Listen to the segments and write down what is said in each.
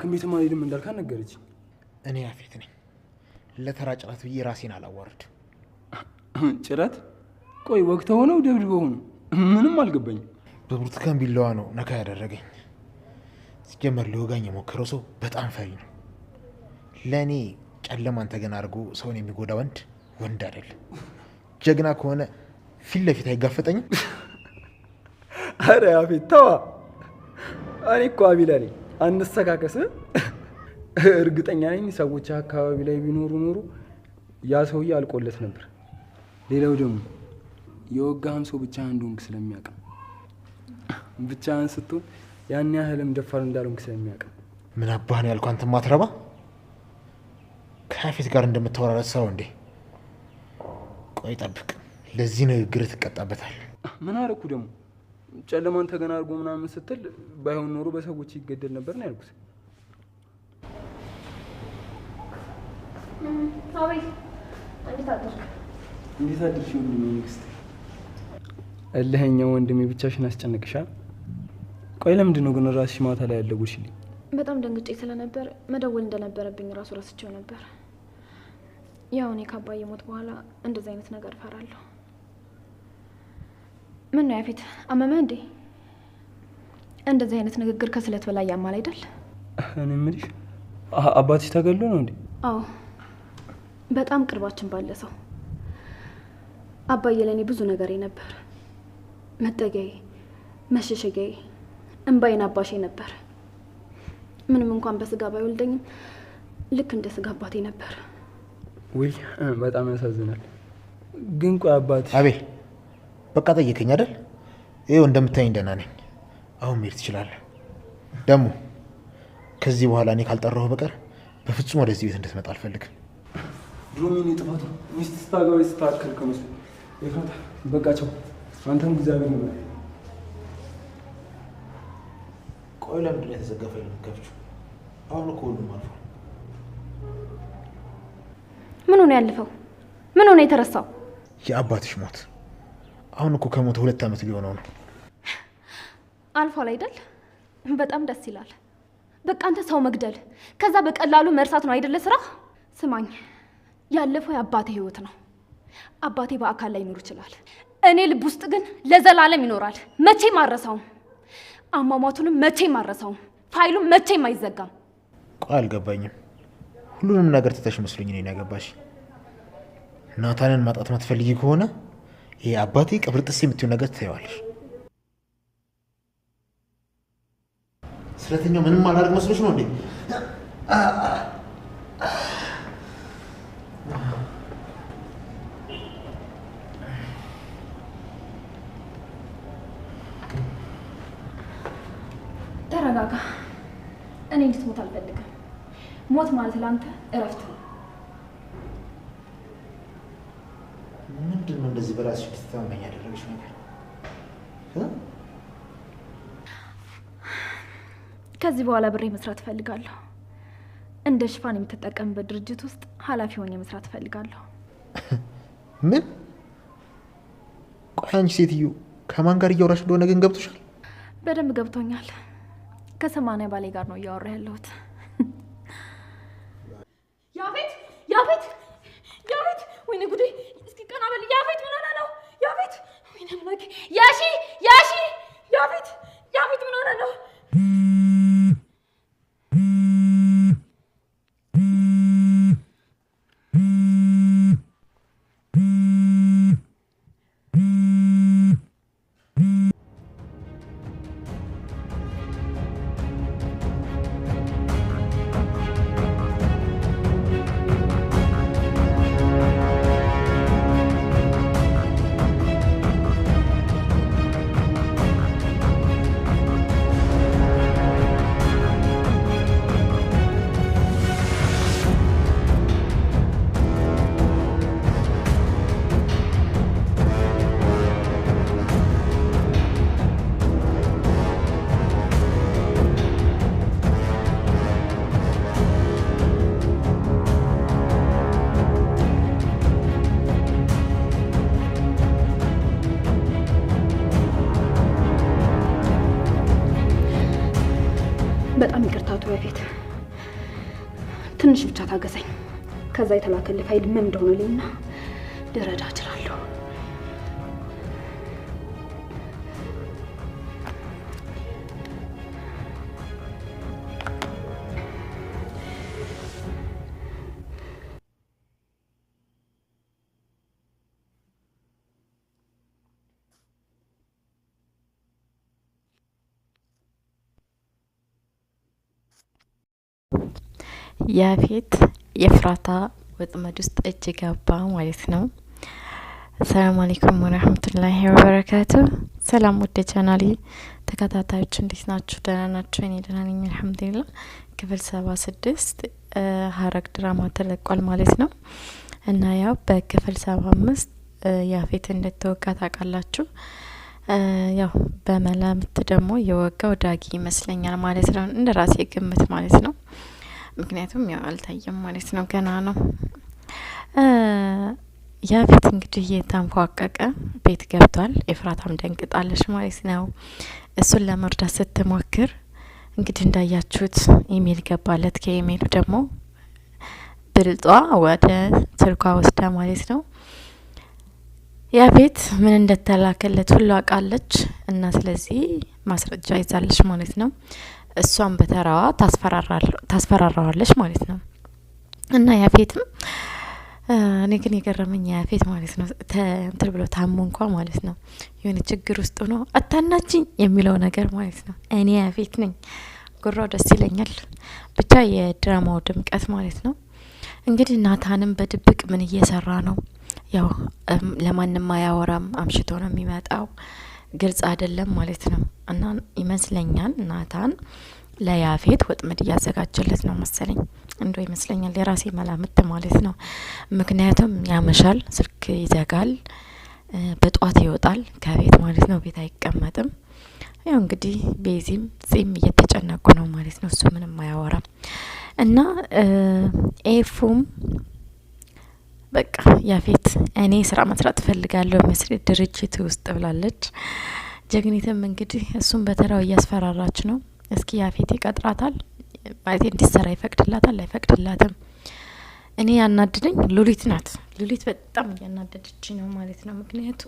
ሐኪም ቤትም አልሄድም እንዳልካ ነገረች። እኔ ያፌት ነኝ። ለተራ ጭረት ብዬ ራሴን አላዋርድ። ጭረት? ቆይ ወግተው ነው ደብድ ነው? ምንም አልገባኝ በብርቱካን ቢላዋ ነው ነካ ያደረገኝ። ሲጀመር ሊወጋኝ የሞከረው ሰው በጣም ፈሪ ነው። ለእኔ ጨለማን ተገን አድርጎ ሰውን የሚጎዳ ወንድ ወንድ አይደለም። ጀግና ከሆነ ፊት ለፊት አይጋፈጠኝም። አረ ያፌት ተዋ። እኔ እኮ አቢላ ነኝ። አንሰካከስ። እርግጠኛ ነኝ ሰዎች አካባቢ ላይ ቢኖሩ ኖሩ ያ ሰውዬ አልቆለት ነበር። ሌላው ደግሞ የወጋህን ሰው ብቻህን እንደሆንክ ስለሚያውቅ ብቻህን ስትሆን ያን ያህልም ደፋር እንዳልሆንክ ስለሚያውቅ ምን ነው ያልኩ አንተ ማትረባ ከያፌት ጋር እንደምታወራረት ሰው እንዴ! ቆይ ጠብቅ፣ ለዚህ ንግግር ትቀጣበታል። ምን አረኩ ደግሞ ጨለማን ተገና ምናምን ስትል ባይሆን ኖሮ በሰዎች ይገደል ነበር ነው ያልኩት። እንዴት ወንድሜ ንግስት? ወንድሜ ብቻሽን አስጨንቅሻ። ቆይ ለምንድን ነው ግን ራስሽ ማታ ላይ ያለጉሽልኝ? በጣም ደንግጬ ስለነበር መደወል እንደነበረብኝ ራሱ ረስቼው ነበር። ያው እኔ ከአባዬ ሞት በኋላ እንደዚህ አይነት ነገር እፈራለሁ። ምን ነው ያፌት፣ አመመህ እንዴ? እንደዚህ አይነት ንግግር ከስለት በላይ ያማል አይደል? እኔ የምልሽ አባትሽ ተገሎ ነው እንዴ? አዎ፣ በጣም ቅርባችን ባለ ሰው። አባዬ ለእኔ ብዙ ነገሬ ነበር፣ መጠጊያዬ፣ መሸሸጊያዬ፣ እምባዬን አባሼ ነበር። ምንም እንኳን በስጋ ባይወልደኝም ልክ እንደ ስጋ አባቴ ነበር። ውይ በጣም ያሳዝናል። ግን ቆይ አባትሽ አቤ በቃ ጠየከኝ አይደል? ይኸው እንደምታየኝ ደህና ነኝ። አሁን መሄድ ትችላለህ። ደግሞ ከዚህ በኋላ እኔ ካልጠራሁ በቀር በፍጹም ወደዚህ ቤት እንድትመጣ አልፈልግም። ሮሚን ጥፋቱ ሚስት ስታገባ ስታከል ከመስ ይፈታ በቃቸው። አንተም እግዚአብሔር ነው። ቆይ ለምንድን ነው የተዘጋፈ ከፍቹ? አሁን እኮ ሁሉም ምን ሆነ ያለፈው? ምን ሆነ የተረሳው? የአባትሽ ሞት አሁን እኮ ከሞተ ሁለት ዓመት ሊሆነው ነው። አልፏል አይደል? በጣም ደስ ይላል። በቃ አንተ ሰው መግደል ከዛ በቀላሉ መርሳት ነው አይደለ ስራ። ስማኝ፣ ያለፈው የአባቴ ህይወት ነው። አባቴ በአካል ላይ ይኖር ይችላል፣ እኔ ልብ ውስጥ ግን ለዘላለም ይኖራል። መቼም አረሳውም። አሟሟቱንም መቼም አረሳውም። ፋይሉም መቼም አይዘጋም። ቆይ አልገባኝም። ሁሉንም ነገር ትተሽ መስሎኝ ነው ያገባሽ ናታንን ማጣት ማትፈልጊ ከሆነ ይሄ አባቴ ቀብር ጥስ የምትሆን ነገር ትታየዋለሽ። ስለተኛው ምንም አላደርግ መስሎሽ ነው እንዴ? ተረጋጋ። እኔ እንድትሞት አልፈልግም። ሞት ማለት ለአንተ እረፍት ነው። ምንድን ነው እንደዚህ በራስሽ እንድትተማመኝ ያደረገች ነገር? ከዚህ በኋላ ብሬ መስራት እፈልጋለሁ። እንደ ሽፋን የምትጠቀምበት ድርጅት ውስጥ ኃላፊ ሆኜ መስራት እፈልጋለሁ። ምን? ቆይ አንቺ ሴትዮ ከማን ጋር እያወራሽ እንደሆነ ግን ገብቶሻል? በደንብ ገብቶኛል። ከሰማንያ ባሌ ጋር ነው እያወራ ያለሁት። ያፌት ያፌት ያፌት! ወይኔ ጉዴ! ያሺ ያሺ ያፊት ያፊት ምን ሆነ ነው በጣም ይቅርታቱ በፊት ትንሽ ብቻ ታገሰኝ። ከዛ የተላከልህ ፋይል ምን እንደሆነ ልኝና ልረዳ እችላለሁ። ያፌት የፍራታ ወጥመድ ውስጥ እጅ ገባ ማለት ነው። ሰላም አሌይኩም ወረህመቱላሂ ወበረካቱ። ሰላም ወደ ቻናሌ ተከታታዮች እንዴት ናችሁ? ደህና ናቸው? እኔ ደህና ነኝ አልሐምዱሊላ። ክፍል ሰባ ስድስት ሀረግ ድራማ ተለቋል ማለት ነው እና ያው በክፍል ሰባ አምስት ያፌት እንደተወጋ ታውቃላችሁ። ያው በመላምት ደግሞ የወጋው ዳጊ ይመስለኛል ማለት ነው። እንደ ራሴ ግምት ማለት ነው። ምክንያቱም ያው አልታየም ማለት ነው፣ ገና ነው። ያ እንግዲህ እየተንፏቀቀ ቤት ገብቷል። ኤፍራታም ደንግጣለች ማለት ነው። እሱን ለመርዳት ስትሞክር እንግዲህ እንዳያችሁት ኢሜል ገባለት። ከኢሜሉ ደግሞ ብልጧ ወደ ስልኳ ወስዳ ማለት ነው ያቤት ምን እንደተላከለት ሁሉ አውቃለች እና ስለዚህ ማስረጃ ይዛለች ማለት ነው። እሷም በተራዋ ታስፈራራዋለች ማለት ነው። እና ያፌትም እኔ ግን የገረመኝ ያፌት ማለት ነው እንትን ብሎ ታሞ እንኳ ማለት ነው የሆነ ችግር ውስጥ ሆኖ አታናችኝ የሚለው ነገር ማለት ነው። እኔ ያፌት ነኝ ጉራው ደስ ይለኛል። ብቻ የድራማው ድምቀት ማለት ነው። እንግዲህ ናታንም በድብቅ ምን እየሰራ ነው ያው ለማንም አያወራም፣ አምሽቶ ነው የሚመጣው። ግልጽ አይደለም ማለት ነው። እና ይመስለኛል ናታን ለያፌት ወጥመድ እያዘጋጀለት ነው መሰለኝ፣ እንዶ ይመስለኛል የራሴ መላምት ማለት ነው። ምክንያቱም ያመሻል፣ ስልክ ይዘጋል፣ በጠዋት ይወጣል ከቤት ማለት ነው። ቤት አይቀመጥም። ያው እንግዲህ ቤዚም ጺም እየተጨነቁ ነው ማለት ነው። እሱ ምንም አያወራም እና ኤፉም በቃ ያፌት እኔ ስራ መስራት እፈልጋለሁ መስሪያ ድርጅት ውስጥ ብላለች። ጀግኒትም እንግዲህ እሱም በተራው እያስፈራራች ነው። እስኪ ያፌት ይቀጥራታል ማለት እንዲሰራ ይፈቅድላታል አይፈቅድላትም። እኔ ያናድደኝ ሉሊት ናት። ሉሊት በጣም እያናደደች ነው ማለት ነው። ምክንያቱ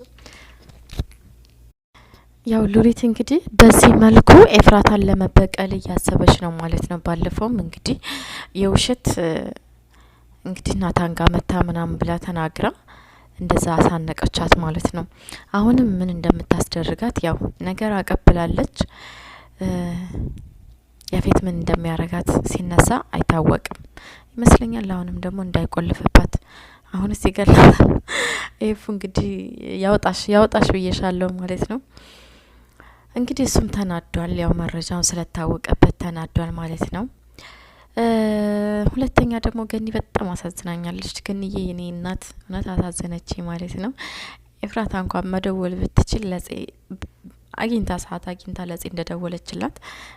ያው ሉሊት እንግዲህ በዚህ መልኩ ኤፍራታን ለመበቀል እያሰበች ነው ማለት ነው። ባለፈውም እንግዲህ የውሸት እንግዲህ ናታን ጋር መታ ምናምን ብላ ተናግራ እንደዛ አሳነቀቻት ማለት ነው። አሁንም ምን እንደምታስደርጋት ያው ነገር አቀብላለች። ያፌት ምን እንደሚያረጋት ሲነሳ አይታወቅም ይመስለኛል። አሁንም ደግሞ እንዳይቆልፍባት አሁንስ ይገላታል። ይፉ እንግዲህ ያውጣሽ ያውጣሽ ብዬሻለሁ ማለት ነው። እንግዲህ እሱም ተናዷል። ያው መረጃውን ስለታወቀበት ተናዷል ማለት ነው። ሁለተኛ ደግሞ ገኒ በጣም አሳዝናኛለች። ገኒዬ የኔ እናት እውነት አሳዘነች ማለት ነው። ኤፍራታ እንኳን መደወል ብትችል ለጼ አግኝታ ሰዓት አግኝታ ለጼ እንደደወለችላት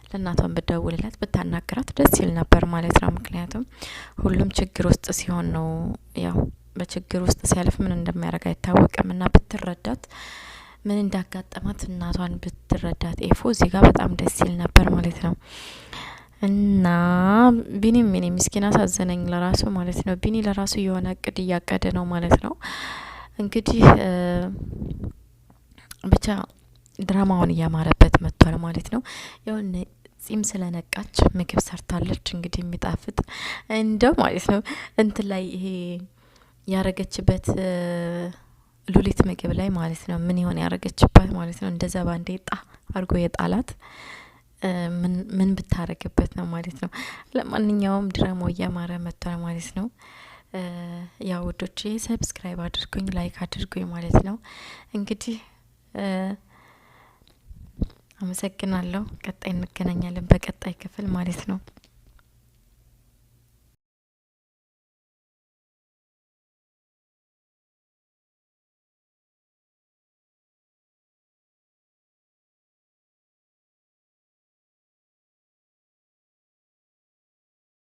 ለእናቷን ብደውልላት ብታናግራት ደስ ይል ነበር ማለት ነው። ምክንያቱም ሁሉም ችግር ውስጥ ሲሆን ነው ያው በችግር ውስጥ ሲያልፍ ምን እንደሚያደርግ አይታወቅም እና ብትረዳት ምን እንዳጋጠማት እናቷን ብትረዳት ኤፎ እዚህ ጋር በጣም ደስ ይል ነበር ማለት ነው። እና ቢኒም እኔ ምስኪና ሳዘነኝ ለራሱ ማለት ነው። ቢኒ ለራሱ የሆነ እቅድ እያቀደ ነው ማለት ነው። እንግዲህ ብቻ ድራማውን እያማረበት መጥቷል ማለት ነው። ያው ጺም ስለነቃች ምግብ ሰርታለች። እንግዲህ የሚጣፍጥ እንደው ማለት ነው እንትን ላይ ይሄ ያረገችበት ሉሊት ምግብ ላይ ማለት ነው ምን ይሆን ያረገችባት ማለት ነው። እንደዛ ባንዴ ጣ አድርጎ የጣላት ምን ብታረግበት ነው ማለት ነው። ለማንኛውም ድራማው እያማረ መጥቷል ማለት ነው። ያው ሰብስክራይብ አድርጉኝ፣ ላይክ አድርጉኝ ማለት ነው። እንግዲህ አመሰግናለሁ። ቀጣይ እንገናኛለን በቀጣይ ክፍል ማለት ነው።